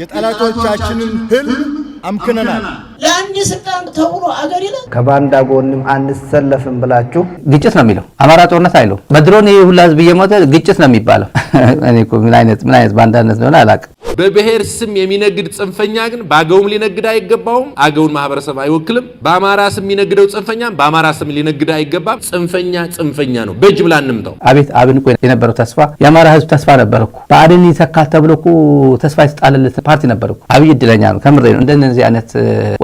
የጠላቶቻችንን ህልም አምክነናል። ለአንድ ስልጣን ተብሎ አገር ይለ ከባንዳ ጎንም አንሰለፍም ብላችሁ ግጭት ነው የሚለው አማራ ጦርነት አይለው በድሮን ይህ ሁላ ህዝብ እየሞተ ግጭት ነው የሚባለው። ምን አይነት ምን አይነት ባንዳነት እንደሆነ አላውቅም። በብሔር ስም የሚነግድ ጽንፈኛ ግን በአገውም ሊነግድ አይገባውም። አገውን ማህበረሰብ አይወክልም። በአማራ ስም የሚነግደው ጽንፈኛ በአማራ ስም ሊነግድ አይገባም። ጽንፈኛ ጽንፈኛ ነው፣ በጅምላ እንምታው። አቤት አብን እኮ የነበረው ተስፋ የአማራ ህዝብ ተስፋ ነበር እኮ በአድን ይተካል ተብሎ እኮ ተስፋ የተጣለለት ፓርቲ ነበር እኮ። አብይ እድለኛ ነው፣ ከምሬ ነው። እንደነዚህ አይነት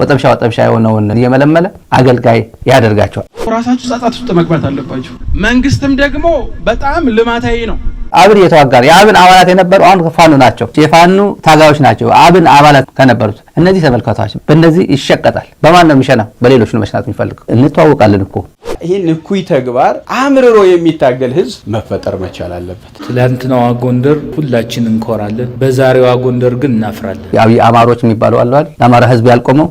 ወጠምሻ ወጠብሻ የሆነው ሰውን እየመለመለ አገልጋይ ያደርጋቸዋል። ራሳችሁ ጻጻት ውስጥ መግባት አለባችሁ። መንግስትም ደግሞ በጣም ልማታዊ ነው። አብን እየተዋጋ የአብን አባላት የነበሩ አሁን ፋኑ ናቸው። የፋኑ ታጋዮች ናቸው። አብን አባላት ከነበሩት እነዚህ ተመልካቶች በእነዚህ ይሸቀጣል። በማን ነው የሚሸና? በሌሎች ነው መሽናት የሚፈልገው። እንተዋወቃለን እኮ ይህን እኩይ ተግባር አምርሮ የሚታገል ህዝብ መፈጠር መቻል አለበት። ትላንትናዋ ጎንደር ሁላችን እንኮራለን፣ በዛሬዋ ጎንደር ግን እናፍራለን። የአብይ አማሮች የሚባሉ አለዋል። ለአማራ ህዝብ ያልቆመው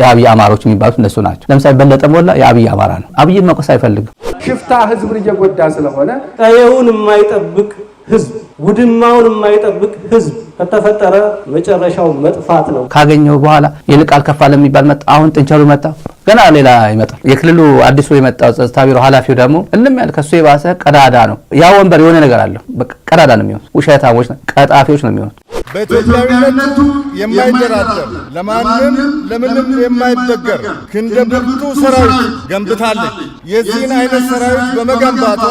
የአብይ አማሮች የሚባሉት እነሱ ናቸው። ለምሳሌ በለጠ ሞላ የአብይ አማራ ነው። አብይን መቆስ አይፈልግም። ሽፍታ ህዝብን እየጎዳ ስለሆነ ጠየውን የማይጠብቅ ህዝብ፣ ውድማውን የማይጠብቅ ህዝብ ከተፈጠረ መጨረሻው መጥፋት ነው። ካገኘው በኋላ ይልቃል ከፋለ የሚባል መጣ። አሁን ጥንቸሉ መጣ፣ ገና ሌላ ይመጣል። የክልሉ አዲሱ የመጣው ጸጥታ ቢሮ ኃላፊው ደግሞ እልም ያል ከሱ የባሰ ቀዳዳ ነው። ያ ወንበር የሆነ ነገር አለው። ቀዳዳ ነው የሚሆኑት። ውሸታሞች፣ ቀጣፊዎች ነው የሚሆኑት። በኢትዮጵያዊነቱ የማይደራደር ለማንም ለምንም የማይበገር ክንደ ብርቱ ሰራዊት ገንብታለች። የዚህን አይነት ሰራዊት በመገንባቷ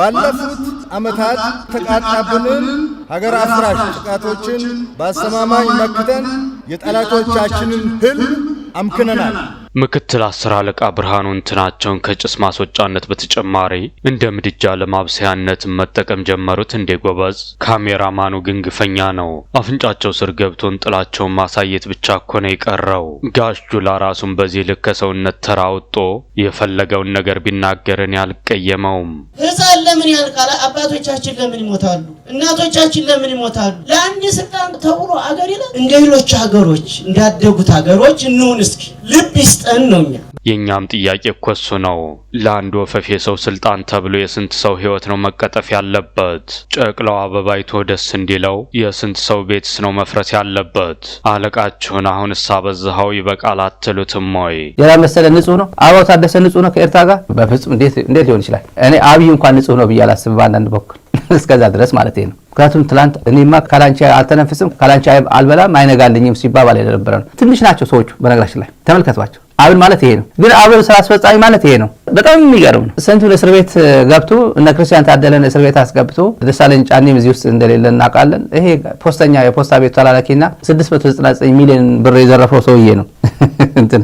ባለፉት ዓመታት ተቃጣብንን ሀገር አፍራሽ ጥቃቶችን በአስተማማኝ መክተን የጠላቶቻችንን ህልም አምክነናል። ምክትል አስር አለቃ ብርሃኑ እንትናቸውን ከጭስ ማስወጫነት በተጨማሪ እንደ ምድጃ ለማብሰያነት መጠቀም ጀመሩት። እንዴ ጎበዝ! ካሜራማኑ ግን ግፈኛ ነው። አፍንጫቸው ስር ገብቶን ጥላቸውን ማሳየት ብቻ እኮ ነው የቀረው። ጋሽ ጁላ ራሱን በዚህ ልክ ከሰውነት ተራ አውጥቶ የፈለገውን ነገር ቢናገርን ያልቀየመውም። ህፃን ለምን ያልቃል? አባቶቻችን ለምን ይሞታሉ? እናቶቻችን ለምን ይሞታሉ? ለአንድ ስልጣን ተብሎ አገር ይላል። እንደ ሌሎች ሀገሮች እንዳደጉት ሀገሮች እንሁን እስኪ ልብ ይስጥ ሰጠን ነው። እኛ የእኛም ጥያቄ እኮ እሱ ነው። ለአንድ ወፈፌ ሰው ስልጣን ተብሎ የስንት ሰው ህይወት ነው መቀጠፍ ያለበት? ጨቅላው አበባይቶ ደስ እንዲለው የስንት ሰው ቤትስ ነው መፍረስ ያለበት? አለቃችሁን አሁን እሳበዝኸው ይበቃል አትሉትም ወይ? ሌላ መሰለ ንጹህ ነው። አበባው ታደሰ ንጹህ ነው ከኤርትራ ጋር በፍጹም እንዴት ሊሆን ይችላል? እኔ አብይ እንኳን ንጹህ ነው ብዬ አላስብም። በአንዳንድ በኩል እስከዛ ድረስ ማለት ነው። ምክንያቱም ትላንት እኔማ ካላንቺ አልተነፍስም ካላንቺ አልበላም አይነጋልኝም ሲባባል የነበረ ነው። ትንሽ ናቸው ሰዎቹ በነገራችን ላይ ተመልከቷቸው። አብን ማለት ይሄ ነው። ግን አብን ስራ አስፈጻሚ ማለት ይሄ ነው። በጣም የሚገርም ነው። ስንቱን እስር ቤት ገብቶ እነ ክርስቲያን ታደለን እስር ቤት አስገብቶ ደሳለኝ ጫኔም እዚህ ውስጥ እንደሌለ እናውቃለን። ይሄ ፖስተኛ የፖስታ ቤቱ ተላላኪና 699 ሚሊዮን ብር የዘረፈው ሰውዬ ነው። እንትን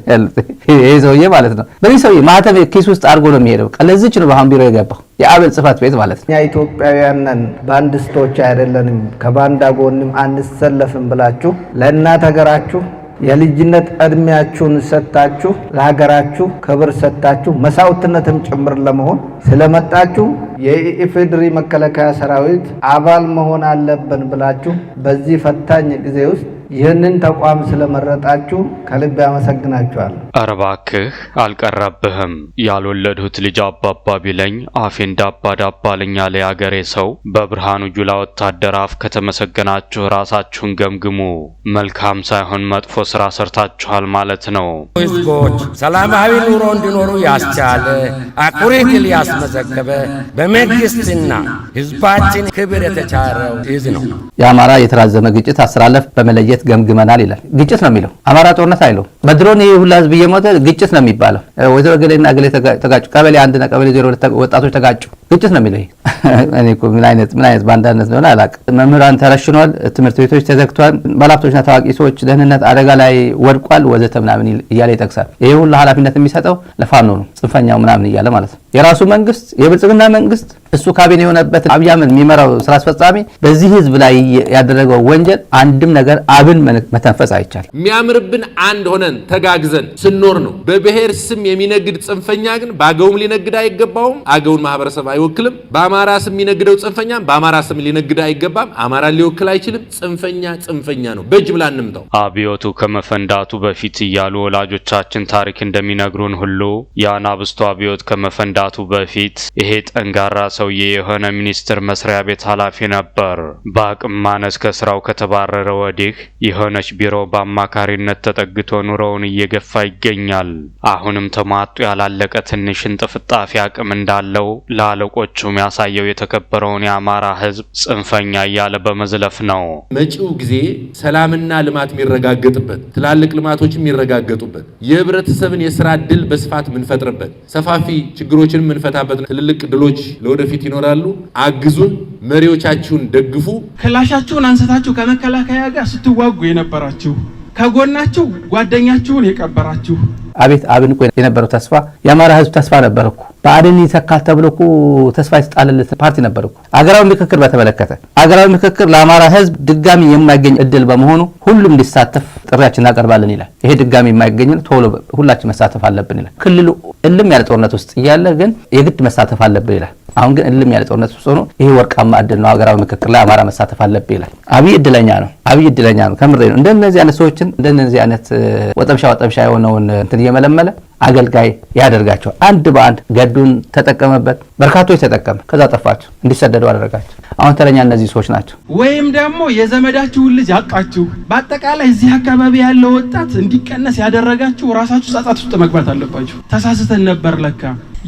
ይሄ ሰውዬ ማለት ነው። በዚህ ሰውዬ ማህተብ ኪስ ውስጥ አድርጎ ነው የሚሄደው። ለዚች ነው በአሁን ቢሮ የገባው የአበል ጽህፈት ቤት ማለት ነው። እኛ ኢትዮጵያውያን ነን፣ ባንድ ስቶች አይደለንም፣ ከባንዳ ጎንም አንሰለፍም ብላችሁ ለእናት ሀገራችሁ የልጅነት እድሜያችሁን ሰጥታችሁ ለሀገራችሁ ክብር ሰጥታችሁ መስዋዕትነትም ጭምር ለመሆን ስለመጣችሁ የኢፌድሪ መከላከያ ሰራዊት አባል መሆን አለብን ብላችሁ በዚህ ፈታኝ ጊዜ ውስጥ ይህንን ተቋም ስለመረጣችሁ ከልብ ያመሰግናችኋል። ኧረ እባክህ አልቀረብህም። ያልወለድሁት ልጅ አባባ ቢለኝ አፌን ዳባ ዳባ ለኛ ለያገሬ ሰው በብርሃኑ ጁላ ወታደር አፍ ከተመሰገናችሁ ራሳችሁን ገምግሙ። መልካም ሳይሆን መጥፎ ስራ ሰርታችኋል ማለት ነው። ህዝቦች ሰላማዊ ኑሮ እንዲኖሩ ያስቻለ አኩሪ ድል ያስመዘገበ በመንግስትና ህዝባችን ክብር የተቻረው ይዝ ነው። የአማራ የተራዘመ ግጭት አሰላለፍ በመለየት ገምግመናል ይላል። ግጭት ነው የሚለው አማራ ጦርነት አይሉ በድሮን ይህ ሁላ ህዝብ እየሞተ ግጭት ነው የሚባለው። ወይዘሮ ገሌና ገሌ ተጋጩ፣ ቀበሌ አንድና ቀበሌ ዜሮ ወጣቶች ተጋጩ፣ ግጭት ነው የሚለው። ምን አይነት ምን አይነት ባንዳነት እንደሆነ አላውቅም። መምህራን ተረሽኗል፣ ትምህርት ቤቶች ተዘግቷል፣ ባለሀብቶችና ታዋቂ ሰዎች ደህንነት አደጋ ላይ ወድቋል፣ ወዘተ ምናምን እያለ ይጠቅሳል። ይህ ሁሉ ኃላፊነት የሚሰጠው ለፋኖ ነው፣ ጽንፈኛው ምናምን እያለ ማለት ነው። የራሱ መንግስት የብልጽግና መንግስት እሱ ካቢኔ የሆነበት አብይ አህመድ የሚመራው ስራ አስፈጻሚ በዚህ ህዝብ ላይ ያደረገው ወንጀል አንድም ነገር አብን መተንፈስ አይቻል። የሚያምርብን አንድ ሆነን ተጋግዘን ስኖር ነው። በብሔር ስም የሚነግድ ጽንፈኛ ግን በአገውም ሊነግድ አይገባውም። አገውን ማህበረሰብ አይወክልም። በአማራ ስም የሚነግደው ጽንፈኛ በአማራ ስም ሊነግድ አይገባም። አማራ ሊወክል አይችልም። ጽንፈኛ ጽንፈኛ ነው። በጅምላ እንምታው። አብዮቱ ከመፈንዳቱ በፊት እያሉ ወላጆቻችን ታሪክ እንደሚነግሩን ሁሉ የአናብስቱ አብዮት ከመፈንዳቱ በፊት ይሄ ጠንጋራ ሰው ሰውዬ የሆነ ሚኒስቴር መስሪያ ቤት ኃላፊ ነበር። በአቅም ማነስ ከስራው ከተባረረ ወዲህ የሆነች ቢሮ በአማካሪነት ተጠግቶ ኑሮውን እየገፋ ይገኛል። አሁንም ተሟጡ ያላለቀ ትንሽ እንጥፍጣፊ አቅም እንዳለው ለአለቆቹም ያሳየው የተከበረውን የአማራ ህዝብ ጽንፈኛ እያለ በመዝለፍ ነው። መጪው ጊዜ ሰላምና ልማት የሚረጋገጥበት፣ ትላልቅ ልማቶች የሚረጋገጡበት፣ የህብረተሰብን የስራ እድል በስፋት የምንፈጥርበት፣ ሰፋፊ ችግሮችን የምንፈታበት፣ ትልልቅ ድሎች ለወደፊት ወደፊት ይኖራሉ። አግዙን፣ መሪዎቻችሁን ደግፉ። ክላሻችሁን አንስታችሁ ከመከላከያ ጋር ስትዋጉ የነበራችሁ ከጎናችሁ ጓደኛችሁን የቀበራችሁ አቤት አብን እኮ የነበረው ተስፋ የአማራ ህዝብ ተስፋ ነበር እኮ ይተካል ተብሎ እኮ ተስፋ የተጣለለት ፓርቲ ነበር እኮ። አገራዊ ምክክር በተመለከተ አገራዊ ምክክር ለአማራ ህዝብ ድጋሚ የማይገኝ እድል በመሆኑ ሁሉም እንዲሳተፍ ጥሪያችን እናቀርባለን ይላል። ይሄ ድጋሚ የማይገኝ ቶሎ ሁላችን መሳተፍ አለብን ይላል። ክልሉ እልም ያለ ጦርነት ውስጥ እያለ ግን የግድ መሳተፍ አለብን ይላል። አሁን ግን እልም ያለ ጦርነት ውስጥ ሆኖ ይሄ ወርቃማ እድል ነው፣ ሀገራዊ ምክክር ላይ አማራ መሳተፍ አለብ ይላል። አብይ እድለኛ ነው፣ አብይ እድለኛ ነው። ከምሬ ነው። እንደነዚህ አይነት ሰዎችን እንደነዚህ አይነት ወጠምሻ ወጠምሻ የሆነውን እንትን እየመለመለ አገልጋይ ያደርጋቸዋል። አንድ በአንድ ገዱን ተጠቀመበት፣ በርካቶች ተጠቀመ፣ ከዛ ጠፋቸው፣ እንዲሰደዱ አደረጋቸው። አሁን ተረኛ እነዚህ ሰዎች ናቸው። ወይም ደግሞ የዘመዳችሁን ልጅ አቃችሁ፣ በአጠቃላይ እዚህ አካባቢ ያለው ወጣት እንዲቀነስ ያደረጋችሁ ራሳችሁ ጸጸት ውስጥ መግባት አለባችሁ። ተሳስተን ነበር ለካ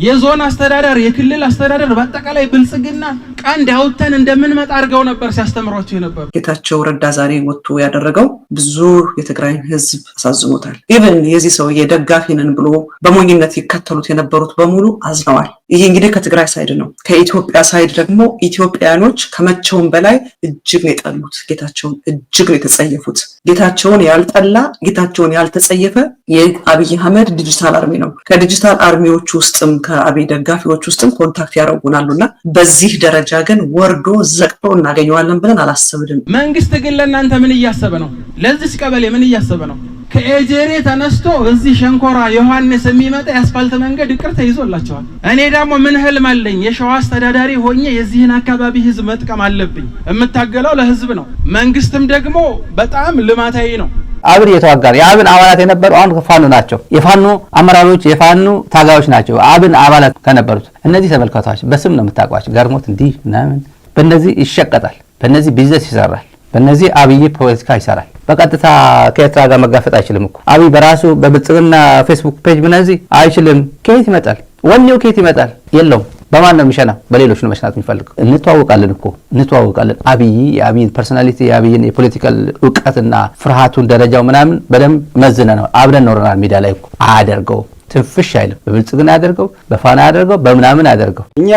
የዞን አስተዳደር፣ የክልል አስተዳደር በአጠቃላይ ብልጽግና ቀንድ አውጥተን እንደምንመጣ አድርገው ነበር ሲያስተምሯቸው የነበሩ። ጌታቸው ረዳ ዛሬ ወጥቶ ያደረገው ብዙ የትግራይ ህዝብ አሳዝኖታል። ኢቨን የዚህ ሰውዬ ደጋፊ ነን ብሎ በሞኝነት ይከተሉት የነበሩት በሙሉ አዝነዋል። ይሄ እንግዲህ ከትግራይ ሳይድ ነው። ከኢትዮጵያ ሳይድ ደግሞ ኢትዮጵያኖች ከመቼውም በላይ እጅግ ነው የጠሉት ጌታቸውን፣ እጅግ ነው የተጸየፉት። ጌታቸውን ያልጠላ ጌታቸውን ያልተጸየፈ የአብይ አህመድ ዲጂታል አርሚ ነው። ከዲጂታል አርሚዎች ውስጥም ከአብይ ደጋፊዎች ውስጥም ኮንታክት ያደረጉናሉ እና በዚህ ደረጃ ግን ወርዶ ዘቅጦ እናገኘዋለን ብለን አላሰብንም። መንግስት ግን ለእናንተ ምን እያሰበ ነው? ለዚች ቀበሌ ምን እያሰበ ነው? ከኤጀሬ ተነስቶ እዚህ ሸንኮራ ዮሐንስ የሚመጣ የአስፋልት መንገድ እቅር ተይዞላቸዋል። እኔ ደግሞ ምን ህልም አለኝ? የሸዋ አስተዳዳሪ ሆኜ የዚህን አካባቢ ህዝብ መጥቀም አለብኝ። የምታገለው ለህዝብ ነው። መንግስትም ደግሞ በጣም ልማታዊ ነው። አብን እየተዋጋ ነው። የአብን አባላት የነበሩ አሁን ፋኖ ናቸው። የፋኖ አመራሮች፣ የፋኖ ታጋዮች ናቸው። አብን አባላት ከነበሩት እነዚህ ተመልከቷቸው። በስም ነው የምታውቋቸው። ገርሞት እንዲህ ምናምን በእነዚህ ይሸቀጣል፣ በእነዚህ ቢዝነስ ይሰራል። በእነዚህ አብይ ፖለቲካ ይሰራል። በቀጥታ ከኤርትራ ጋር መጋፈጥ አይችልም እኮ አብይ በራሱ በብልጽግና ፌስቡክ ፔጅ በነዚህ አይችልም። ከየት ይመጣል? ወኔው ከየት ይመጣል? የለውም። በማን ነው የሚሸና? በሌሎች ነው መሽናት የሚፈልግ። እንተዋወቃለን እኮ እንተዋወቃለን። አብይ የአብይን ፐርሶናሊቲ የአብይን የፖለቲካል እውቀትና ፍርሃቱን ደረጃው ምናምን በደንብ መዝነ ነው አብረን ኖረናል። ሜዳ ላይ እኮ አያደርገውም ትንፍሽ አይልም። በብልጽግና ያደርገው፣ በፋና ያደርገው፣ በምናምን ያደርገው እኛ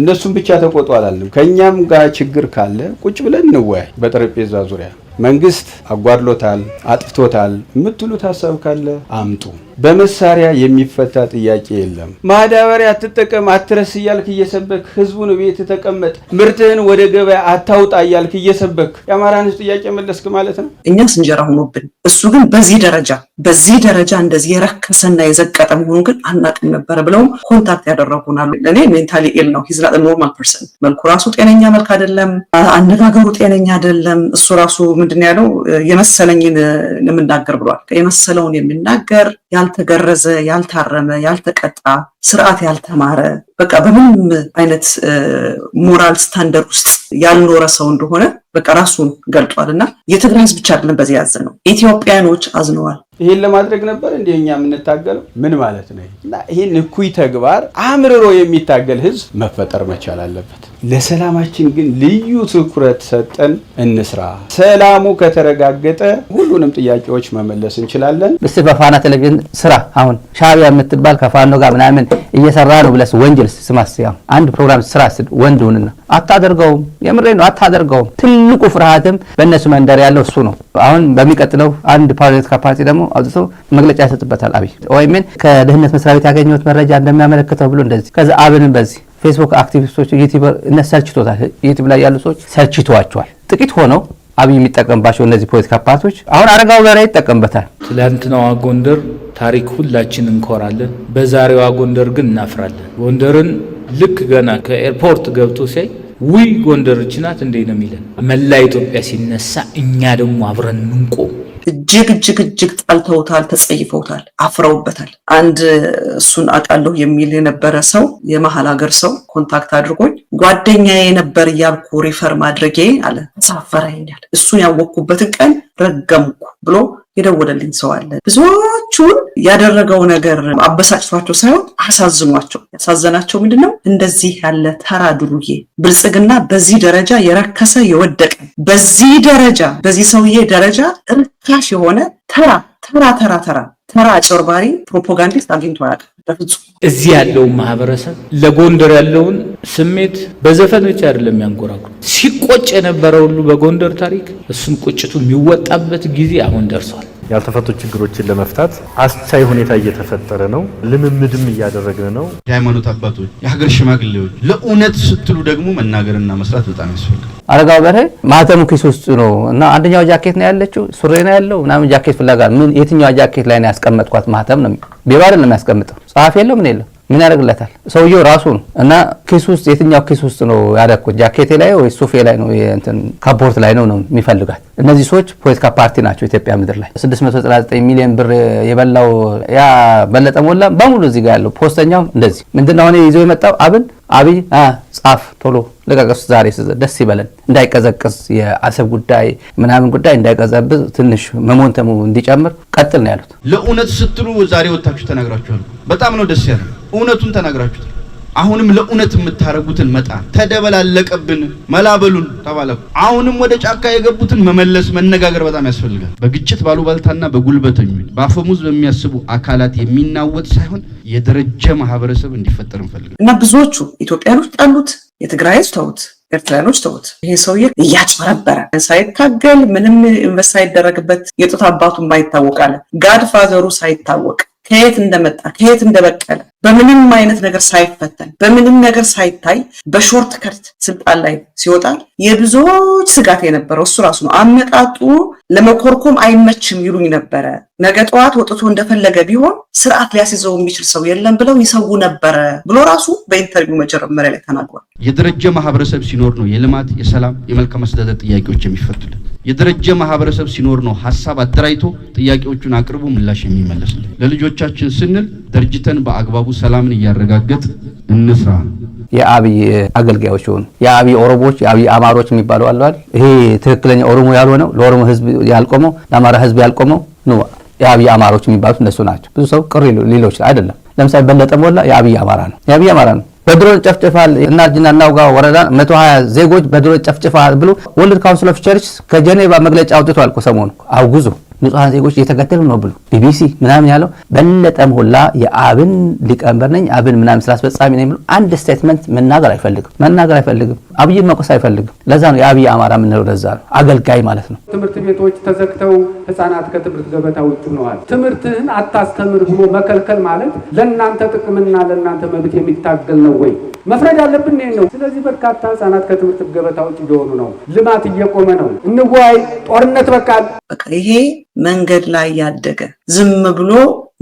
እነሱም ብቻ ተቆጡ አላለም። ከእኛም ጋር ችግር ካለ ቁጭ ብለን እንወያይ በጠረጴዛ ዙሪያ። መንግስት አጓድሎታል፣ አጥፍቶታል የምትሉት ሀሳብ ካለ አምጡ። በመሳሪያ የሚፈታ ጥያቄ የለም። ማዳበሪያ አትጠቀም አትረስ እያልክ እየሰበክ ህዝቡን ቤት ተቀመጥ፣ ምርትህን ወደ ገበያ አታውጣ እያልክ እየሰበክ የአማራን ህዝብ ጥያቄ መለስክ ማለት ነው። እኛስ እንጀራ ሆኖብን፣ እሱ ግን በዚህ ደረጃ በዚህ ደረጃ እንደዚህ የረከሰና የዘቀጠ መሆኑ ግን አናውቅም ነበረ ብለውም ኮንታክት ያደረጉናሉ። እኔ ሜንታሊ ኢል ነው ሂዝ ናት ኖርማል ፐርሰን። መልኩ ራሱ ጤነኛ መልክ አይደለም፣ አነጋገሩ ጤነኛ አይደለም። እሱ ራሱ ምንድን ያለው የመሰለኝን የምናገር ብሏል። የመሰለውን የሚናገር ያልተገረዘ፣ ያልታረመ፣ ያልተቀጣ ስርዓት ያልተማረ በቃ በምንም አይነት ሞራል ስታንደርድ ውስጥ ያልኖረ ሰው እንደሆነ በቃ ራሱን ገልጧል። እና የትግራይ ህዝብ ብቻ አይደለም በዚህ ያዘ ነው ኢትዮጵያኖች አዝነዋል። ይሄን ለማድረግ ነበር እንደ እኛ የምንታገለው። ምን ማለት ነው? እና ይህን እኩይ ተግባር አምርሮ የሚታገል ህዝብ መፈጠር መቻል አለበት። ለሰላማችን ግን ልዩ ትኩረት ሰጠን እንስራ። ሰላሙ ከተረጋገጠ ሁሉንም ጥያቄዎች መመለስ እንችላለን። እስ በፋና ቴሌቪዥን ስራ አሁን ሻቢያ የምትባል ከፋኖ ጋር ምናምን እየሰራ ነው ብለስ ወንጀል ስማስ አንድ ፕሮግራም ስራ ወንድ ሁንና አታደርገውም። የምሬ ነው፣ አታደርገውም። ትልቁ ፍርሃትም በእነሱ መንደር ያለው እሱ ነው። አሁን በሚቀጥለው አንድ ፖለቲካ ፓርቲ ደግሞ አውጥቶ መግለጫ ይሰጥበታል። አብይ ወይምን ከደህንነት መስሪያ ቤት ያገኘሁት መረጃ እንደሚያመለክተው ብሎ እንደዚህ ከዚ አብንም በዚህ ፌስቡክ አክቲቪስቶች ዩቲበር እነ ሰልችቶታል። ዩቲብ ላይ ያሉ ሰዎች ሰልችተዋቸዋል። ጥቂት ሆነው አብይ የሚጠቀምባቸው እነዚህ ፖለቲካ ፓርቲዎች አሁን አረጋው በርሄ ይጠቀምበታል። ትላንትናዋ ጎንደር ታሪክ ሁላችን እንኮራለን። በዛሬዋ ጎንደር ግን እናፍራለን። ጎንደርን ልክ ገና ከኤርፖርት ገብቶ ሲያይ ውይ ጎንደር ችናት እንዴ ነው የሚለን። መላ ኢትዮጵያ ሲነሳ እኛ ደግሞ አብረን እንቆም። እጅግ እጅግ እጅግ ጠልተውታል፣ ተጸይፈውታል፣ አፍረውበታል። አንድ እሱን አውቃለሁ የሚል የነበረ ሰው የመሀል ሀገር ሰው ኮንታክት አድርጎኝ ጓደኛ የነበር እያልኩ ሪፈር ማድረጌ አለ ሳፈረኛል እሱን ያወቅኩበትን ቀን ረገምኩ ብሎ የደወለልኝ ሰው አለ። ብዙዎቹን ያደረገው ነገር አበሳጭቷቸው ሳይሆን አሳዝኗቸው፣ ያሳዘናቸው ምንድን ነው እንደዚህ ያለ ተራ ዱርዬ ብልጽግና በዚህ ደረጃ የረከሰ የወደቀ በዚህ ደረጃ በዚህ ሰውዬ ደረጃ እርካሽ የሆነ ተራ ተራ ተራ ተራ ተራ አጭበርባሪ ፕሮፓጋንዲስት አግኝቶ አያውቅም። በፍጹም እዚህ ያለውን ማህበረሰብ ለጎንደር ያለውን ስሜት በዘፈን ብቻ አይደለም ያንጎራጉ ሲቆጭ የነበረ ሁሉ በጎንደር ታሪክ እሱን ቁጭቱ የሚወጣበት ጊዜ አሁን ደርሷል። ያልተፈቱ ችግሮችን ለመፍታት አስቻይ ሁኔታ እየተፈጠረ ነው። ልምምድም እያደረግን ነው። የሃይማኖት አባቶች፣ የሀገር ሽማግሌዎች ለእውነት ስትሉ ደግሞ መናገርና መስራት በጣም ያስፈልጋል። አረጋው በርሄ ማህተሙ ኪስ ውስጥ ነው እና አንደኛው ጃኬት ነው ያለችው ሱሬ ነው ያለው ምናምን ጃኬት ፍላጋ ምን የትኛዋ ጃኬት ላይ ነው ያስቀመጥኳት ማህተም ነው ቤባ ነው የሚያስቀምጠው ጸሐፊ የለው ምን የለው? ምን ያደርግለታል? ሰውየው ራሱ ነው እና ኪስ ውስጥ የትኛው ኪስ ውስጥ ነው ያደኩት? ጃኬቴ ላይ ወይ ሱፌ ላይ ነው ካፖርት ላይ ነው ነው የሚፈልጋት። እነዚህ ሰዎች ፖለቲካ ፓርቲ ናቸው። ኢትዮጵያ ምድር ላይ 699 ሚሊዮን ብር የበላው ያ በለጠ ሞላ በሙሉ እዚህ ጋር ያለው ፖስተኛው እንደዚህ ምንድን ነው አሁን ይዞ የመጣው አብን አብይ ጻፍ ቶሎ ልቀቀሱ፣ ዛሬ ደስ ይበለን፣ እንዳይቀዘቅዝ የአሰብ ጉዳይ ምናምን ጉዳይ እንዳይቀዘብዝ ትንሽ መሞንተሙ እንዲጨምር ቀጥል ነው ያሉት። ለእውነት ስትሉ ዛሬ ወታችሁ ተናግራችኋል። በጣም ነው ደስ ያለ እውነቱን ተናግራችሁት አሁንም ለእውነት የምታረጉትን መጣ ተደበላለቀብን፣ መላበሉን ተባለ። አሁንም ወደ ጫካ የገቡትን መመለስ መነጋገር በጣም ያስፈልጋል። በግጭት ባሉባልታና በጉልበተኙ በአፈሙዝ በሚያስቡ አካላት የሚናወጥ ሳይሆን የደረጀ ማህበረሰብ እንዲፈጠር እንፈልጋል እና ብዙዎቹ ውስጥ ያሉት የትግራይ ህዝብ ተውት፣ ኤርትራኖች ተውት። ይሄ ሰውዬ እያጭበረበረ ሳይታገል ምንም ኢንቨስት ሳይደረግበት የጡት አባቱን ባይታወቃለ ጋድፋዘሩ ሳይታወቅ ከየት እንደመጣ ከየት እንደበቀለ በምንም አይነት ነገር ሳይፈተን በምንም ነገር ሳይታይ በሾርት ከርት ስልጣን ላይ ሲወጣ የብዙዎች ስጋት የነበረው እሱ ራሱ ነው። አመጣጡ ለመኮርኮም አይመችም ይሉኝ ነበረ። ነገ ጠዋት ወጥቶ እንደፈለገ ቢሆን ስርዓት ሊያስይዘው የሚችል ሰው የለም ብለው ይሰው ነበረ ብሎ ራሱ በኢንተርቪው መጀመሪያ ላይ ተናግሯል። የደረጀ ማህበረሰብ ሲኖር ነው የልማት፣ የሰላም፣ የመልካም አስተዳደር ጥያቄዎች የሚፈቱልን። የደረጀ ማህበረሰብ ሲኖር ነው ሀሳብ አደራጅቶ ጥያቄዎቹን አቅርቦ ምላሽ የሚመለስልን። ለልጆቻችን ስንል ደርጅተን በአግባቡ ሰላምን እያረጋገጥ እንስራ። የአብይ አገልጋዮች ሆኑ የአብይ ኦሮሞዎች፣ የአብይ አማሮች የሚባለው አለዋል። ይሄ ትክክለኛ ኦሮሞ ያልሆነው ለኦሮሞ ህዝብ ያልቆመው ለአማራ ህዝብ ያልቆመው ነው። የአብይ አማሮች የሚባሉት እነሱ ናቸው። ብዙ ሰው ቅር ሌሎች አይደለም። ለምሳሌ በለጠ ሞላ የአብይ አማራ ነው። የአብይ አማራ ነው። በድሮን ጨፍጭፋል እናርጅና እናውጋ ወረዳ 120 ዜጎች በድሮን ጨፍጭፋል ብሎ ወርልድ ካውንስል ኦፍ ቸርች ከጀኔቫ መግለጫ አውጥቷል። ሰሞኑ አውግዙ ንጹሐን ዜጎች እየተገደሉ ነው ብሎ ቢቢሲ ምናምን ያለው በለጠም ሁላ የአብን ሊቀመንበር ነኝ አብን ምናምን ስራ አስፈጻሚ ነኝ ብሎ አንድ ስቴትመንት መናገር አይፈልግም መናገር አይፈልግም። አብይን መቆስ አይፈልግም። ለዛ ነው የአብይ አማራ የምንለው ለዛ ነው አገልጋይ ማለት ነው። ትምህርት ቤቶች ተዘግተው ህጻናት ከትምህርት ገበታ ውጭ ሆነዋል። ትምህርትህን አታስተምር ብሎ መከልከል ማለት ለእናንተ ጥቅምና ለእናንተ መብት የሚታገል ነው ወይ? መፍረድ ያለብን ይሄን ነው። ስለዚህ በርካታ ህጻናት ከትምህርት ገበታ ውጭ እየሆኑ ነው። ልማት እየቆመ ነው። እንዋይ ጦርነት በቃል በቃ ይሄ መንገድ ላይ ያደገ ዝም ብሎ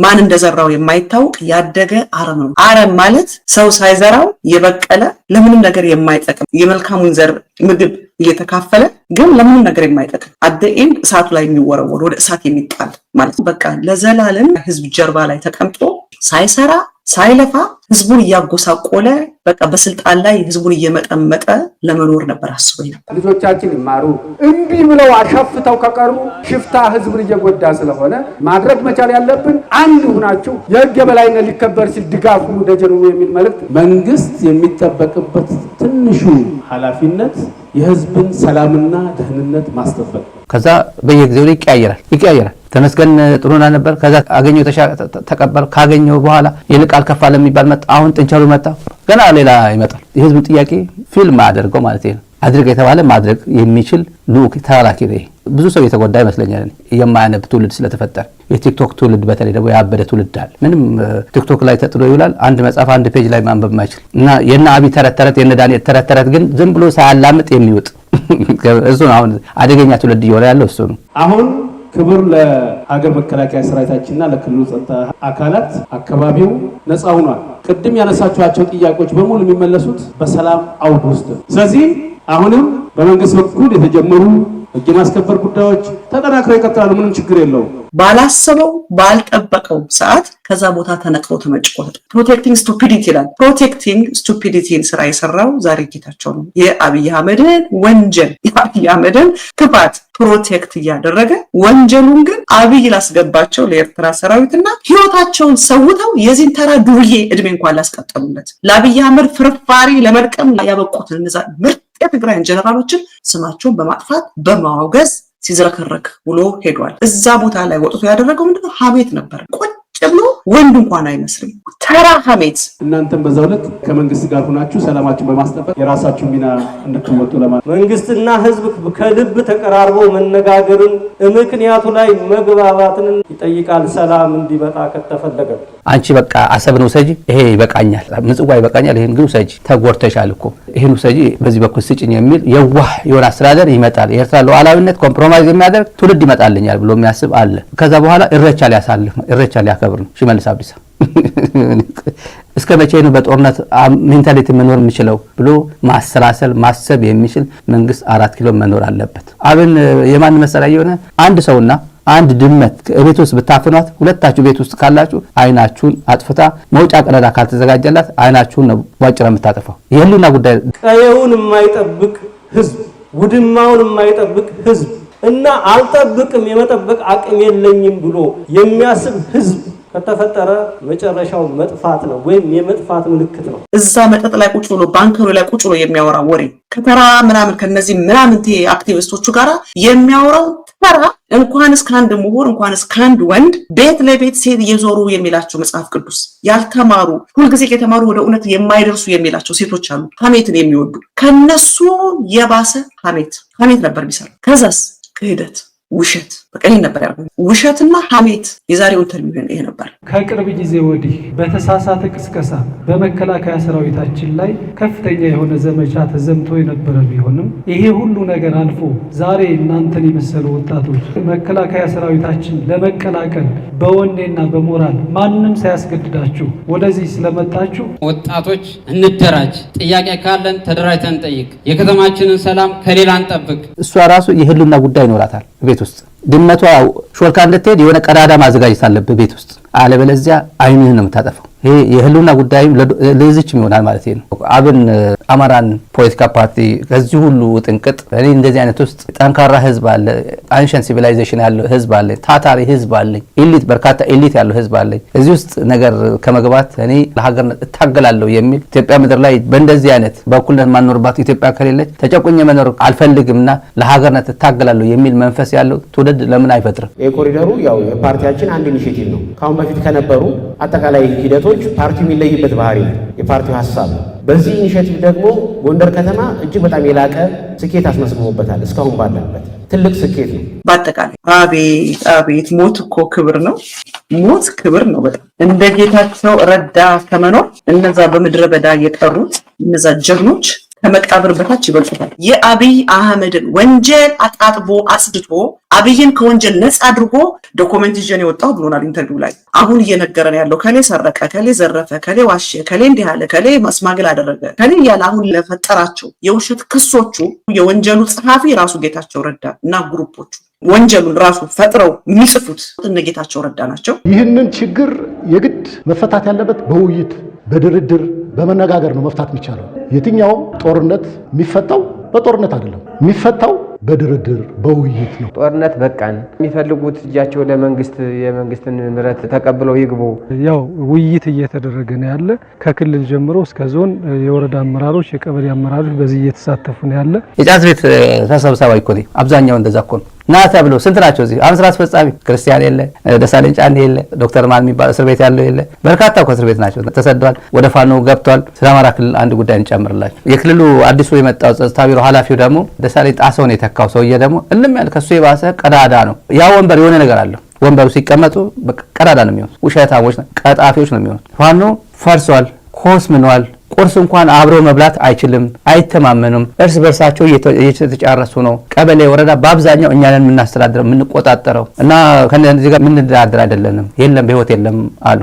ማን እንደዘራው የማይታወቅ ያደገ አረም ነው። አረም ማለት ሰው ሳይዘራው የበቀለ ለምንም ነገር የማይጠቅም የመልካሙን ዘር ምግብ እየተካፈለ ግን ለምንም ነገር የማይጠቅም አደኤም እሳቱ ላይ የሚወረወር ወደ እሳት የሚጣል ማለት ነው። በቃ ለዘላለም ህዝብ ጀርባ ላይ ተቀምጦ ሳይሰራ ሳይለፋ ህዝቡን እያጎሳቆለ በቃ በስልጣን ላይ ህዝቡን እየመጠመጠ ለመኖር ነበር አስቦ ነበር። ልጆቻችን ይማሩ እምቢ ብለው አሸፍተው ከቀሩ ሽፍታ ህዝቡን እየጎዳ ስለሆነ ማድረግ መቻል ያለብን አንድ ሁናችሁ የህግ የበላይነት ሊከበር ሲል ድጋፍ ደጀኑ የሚል መልእክት። መንግስት የሚጠበቅበት ትንሹ ኃላፊነት የህዝብን ሰላምና ደህንነት ማስጠበቅ ከዛ በየጊዜው ላይ ይቀያየራል ይቀያየራል። ተመስገን ጥሩና ነበር። ከዛ አገኘው ተቀበል ካገኘው በኋላ ይልቃል ከፍ አለ የሚባል መጣ። አሁን ጥንቸሉ መጣ። ገና ሌላ ይመጣል። የህዝቡ ጥያቄ ፊልም አደርገው ማለት ነው። አድርግ የተባለ ማድረግ የሚችል ልዑክ ተላላኪ ነው። ብዙ ሰው የተጎዳ ይመስለኛል። የማያነብ ትውልድ ስለተፈጠረ የቲክቶክ ትውልድ በተለይ ደግሞ ያበደ ትውልድ አለ። ምንም ቲክቶክ ላይ ተጥሎ ይውላል። አንድ መጽሐፍ አንድ ፔጅ ላይ ማንበብ ማይችል እና የነ አብይ ተረት ተረት የነ ዳንኤል ተረት ተረት ግን ዝም ብሎ ሳያላምጥ የሚውጥ እሱን አሁን አደገኛ ትውልድ እየሆነ ያለው እሱ ነው። አሁን ክብር ለሀገር መከላከያ ሰራዊታችንና ለክልሉ ጸጥታ አካላት አካባቢው ነፃ ሆኗል። ቅድም ያነሳችኋቸው ጥያቄዎች በሙሉ የሚመለሱት በሰላም አውድ ውስጥ ነው። ስለዚህ አሁንም በመንግስት በኩል የተጀመሩ ሕግ ጉዳዮች ተጠናክረው ይቀጥላሉ። ምንም ችግር የለው ባላሰበው ባልጠበቀው ሰዓት ከዛ ቦታ ተነቅሎ ተመጭቆ ፕሮቴክቲንግ ስቱፒዲቲ ይላል። ፕሮቴክቲንግ ስቱፒዲቲን ስራ የሰራው ዛሬ ጌታቸው ነው። የአብይ አህመድን ወንጀል የአብይ አህመድን ክፋት ፕሮቴክት እያደረገ ወንጀሉን ግን አብይ ላስገባቸው ለኤርትራ ሰራዊትና ህይወታቸውን ሰውተው የዚህን ተራ ዱርዬ እድሜ እንኳን ላስቀጠሉለት ለአብይ አህመድ ፍርፋሪ ለመልቀም ያበቁትን ምርት የትግራይን ጀነራሎችን ስማቸውን በማጥፋት በማውገዝ ሲዝረከረክ ውሎ ሄዷል። እዛ ቦታ ላይ ወጥቶ ያደረገው ምንድነው? ሀሜት ነበር። ቁጭ ብሎ ወንድ እንኳን አይመስልም። ተራ ሀሜት። እናንተም በዛው ልክ ከመንግስት ጋር ሆናችሁ ሰላማችሁን በማስጠበቅ የራሳችሁ ሚና እንድትወጡ ለማለት መንግስትና ህዝብ ከልብ ተቀራርቦ መነጋገርን ምክንያቱ ላይ መግባባትን ይጠይቃል። ሰላም እንዲመጣ ከተፈለገ አንቺ በቃ አሰብን ውሰጂ፣ ይሄ ይበቃኛል፣ ምጽዋ ይበቃኛል፣ ይህን ግን ውሰጂ፣ ተጎድተሻል እኮ ይህን ውሰጂ፣ በዚህ በኩል ስጭኝ የሚል የዋህ የሆነ አስተዳደር ይመጣል። የኤርትራ ሉዓላዊነት ኮምፕሮማይዝ የሚያደርግ ትውልድ ይመጣልኛል ብሎ የሚያስብ አለ። ከዛ በኋላ እረቻ ሊያሳልፍ ነው፣ እረቻ ሊያከብር ነው። ሽመልስ አብዲሳ እስከ መቼ ነው በጦርነት ሜንታሊቲ መኖር የምችለው ብሎ ማሰላሰል ማሰብ የሚችል መንግስት አራት ኪሎ መኖር አለበት። አብን የማን መሰሪያ የሆነ አንድ ሰውና አንድ ድመት ቤት ውስጥ ብታፍኗት ሁለታችሁ ቤት ውስጥ ካላችሁ አይናችሁን አጥፍታ መውጫ ቀዳዳ ካልተዘጋጀላት አይናችሁን ነው ዋጭራ የምታጠፋው። የህልውና ጉዳይ ቀየውን የማይጠብቅ ህዝብ፣ ውድማውን የማይጠብቅ ህዝብ እና አልጠብቅም የመጠበቅ አቅም የለኝም ብሎ የሚያስብ ህዝብ ከተፈጠረ መጨረሻው መጥፋት ነው ወይም የመጥፋት ምልክት ነው። እዛ መጠጥ ላይ ቁጭ ብሎ ባንከሩ ላይ ቁጭ ብሎ የሚያወራ ወሬ ከተራ ምናምን ከነዚህ ምናምን አክቲቪስቶቹ ጋራ የሚያወራው ተራ እንኳንስ ከአንድ ምሁር እንኳንስ ከአንድ ወንድ ቤት ለቤት ሴት እየዞሩ የሚላቸው መጽሐፍ ቅዱስ ያልተማሩ ሁልጊዜ የተማሩ ወደ እውነት የማይደርሱ የሚላቸው ሴቶች አሉ። ሀሜትን የሚወዱ ከነሱ የባሰ ሀሜት ሀሜት ነበር የሚሰራ ከዛስ ክህደት ውሸት በቃ ይሄን ነበር ያደረጉት። ውሸትና ሀሜት የዛሬውን ተርሚን ይሄ ነበር። ከቅርብ ጊዜ ወዲህ በተሳሳተ ቅስቀሳ በመከላከያ ሰራዊታችን ላይ ከፍተኛ የሆነ ዘመቻ ተዘምቶ የነበረ ቢሆንም ይሄ ሁሉ ነገር አልፎ ዛሬ እናንተን የመሰሉ ወጣቶች መከላከያ ሰራዊታችን ለመቀላቀል በወኔና በሞራል ማንም ሳያስገድዳችሁ ወደዚህ ስለመጣችሁ ወጣቶች እንደራጅ፣ ጥያቄ ካለን ተደራጅተን ጠይቅ፣ የከተማችንን ሰላም ከሌላ እንጠብቅ። እሷ ራሱ የህልና ጉዳይ ይኖራታል ቤት ውስጥ ድመቷ ሾልካ እንድትሄድ የሆነ ቀዳዳ ማዘጋጀት አለብህ ቤት ውስጥ። አለበለዚያ አይንህን ነው የምታጠፈው ይህ የህልውና ጉዳይም ለዚችም ይሆናል ማለት ነው። አብን አማራን ፖለቲካ ፓርቲ ከዚህ ሁሉ ጥንቅጥ እኔ እንደዚህ አይነት ውስጥ ጠንካራ ህዝብ አለ፣ አንሸን ሲቪላይዜሽን ያለው ህዝብ አለ፣ ታታሪ ህዝብ አለኝ፣ ኤሊት በርካታ ኤሊት ያለው ህዝብ አለኝ። እዚህ ውስጥ ነገር ከመግባት እኔ ለሀገርነት እታገላለሁ የሚል ኢትዮጵያ ምድር ላይ በእንደዚህ አይነት በእኩልነት ማኖርባት ኢትዮጵያ ከሌለች ተጨቁኝ መኖር አልፈልግምና ለሀገርነት እታገላለሁ የሚል መንፈስ ያለው ትውልድ ለምን አይፈጥርም? ይህ ኮሪደሩ ያው የፓርቲያችን አንድ ኢኒሽቲቭ ነው። ከአሁን በፊት ከነበሩ አጠቃላይ ሂደቶች ፓርቲው የሚለይበት ባህሪ ነው፣ የፓርቲው ሀሳብ ነው። በዚህ ኢኒሽቲቭ ደግሞ ጎንደር ከተማ እጅግ በጣም የላቀ ስኬት አስመዝግቦበታል። እስካሁን ባለበት ትልቅ ስኬት ነው። በአጠቃላይ አቤት አቤት፣ ሞት እኮ ክብር ነው። ሞት ክብር ነው። በጣም እንደ ጌታቸው ረዳ ከመኖር እነዛ በምድረ በዳ የቀሩት እነዛ ጀግኖች ከመቃብር በታች ይበልጡታል። የአብይ አህመድን ወንጀል አጣጥቦ አጽድቶ አብይን ከወንጀል ነጻ አድርጎ ዶኮመንት ይዤን የወጣው ብሎናል ኢንተርቪው ላይ። አሁን እየነገረን ያለው ከሌ ሰረቀ፣ ከሌ ዘረፈ፣ ከሌ ዋሸ፣ ከሌ እንዲህ አለ፣ ከሌ ማስማግል አደረገ፣ ከሌ እያለ አሁን ለፈጠራቸው የውሸት ክሶቹ የወንጀሉ ጸሐፊ ራሱ ጌታቸው ረዳ እና ግሩፖቹ ወንጀሉን ራሱ ፈጥረው የሚጽፉት እነ ጌታቸው ረዳ ናቸው። ይህንን ችግር የግድ መፈታት ያለበት በውይይት በድርድር በመነጋገር ነው መፍታት የሚቻለው። የትኛውም ጦርነት የሚፈታው በጦርነት አይደለም፣ የሚፈታው በድርድር በውይይት ነው። ጦርነት በቃን የሚፈልጉት እጃቸው ለመንግስት የመንግስትን ምረት ተቀብለው ይግቡ። ያው ውይይት እየተደረገ ነው ያለ ከክልል ጀምሮ እስከ ዞን የወረዳ አመራሮች፣ የቀበሌ አመራሮች በዚህ እየተሳተፉ ነው ያለ የጫት ቤት ተሰብሰባ ኮ አብዛኛው እንደዛ እኮ ነው ና ተብሎ ስንት ናቸው እዚህ አሁን ስራ አስፈጻሚ ክርስቲያን የለ ደሳለኝ ጫኔ የለ ዶክተር ማን የሚባል እስር ቤት ያለው የለ በርካታ እኮ እስር ቤት ናቸው ተሰደዋል ወደ ፋኖ ገብቷል ስለ አማራ ክልል አንድ ጉዳይ እንጨምርላቸው የክልሉ አዲሱ የመጣው ጸጥታ ቢሮ ኃላፊው ደግሞ ደሳለኝ ጣሰውን የተካው ሰውዬ ደግሞ እልም ያል ከሱ የባሰ ቀዳዳ ነው ያ ወንበር የሆነ ነገር አለው ወንበሩ ሲቀመጡ ቀዳዳ ነው የሚሆኑት ውሸታሞች ቀጣፊዎች ነው የሚሆኑት ፋኖ ፈርሷል ኮስምኗል ቁርስ እንኳን አብሮ መብላት አይችልም፣ አይተማመንም እርስ በርሳቸው እየተጫረሱ ነው። ቀበሌ፣ ወረዳ በአብዛኛው እኛንን የምናስተዳድረው የምንቆጣጠረው እና ከዚህ ጋር የምንደራደር አይደለንም። የለም በህይወት የለም አሉ።